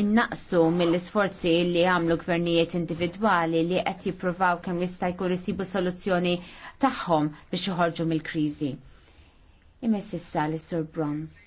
innaqsu mill-isforzi li għamlu gvernijiet individwali li qed jippruvaw kemm jista' jkun isibu soluzzjoni tagħhom biex joħorġu mill-kriżi. Imessissa issa l-Sur Bronze.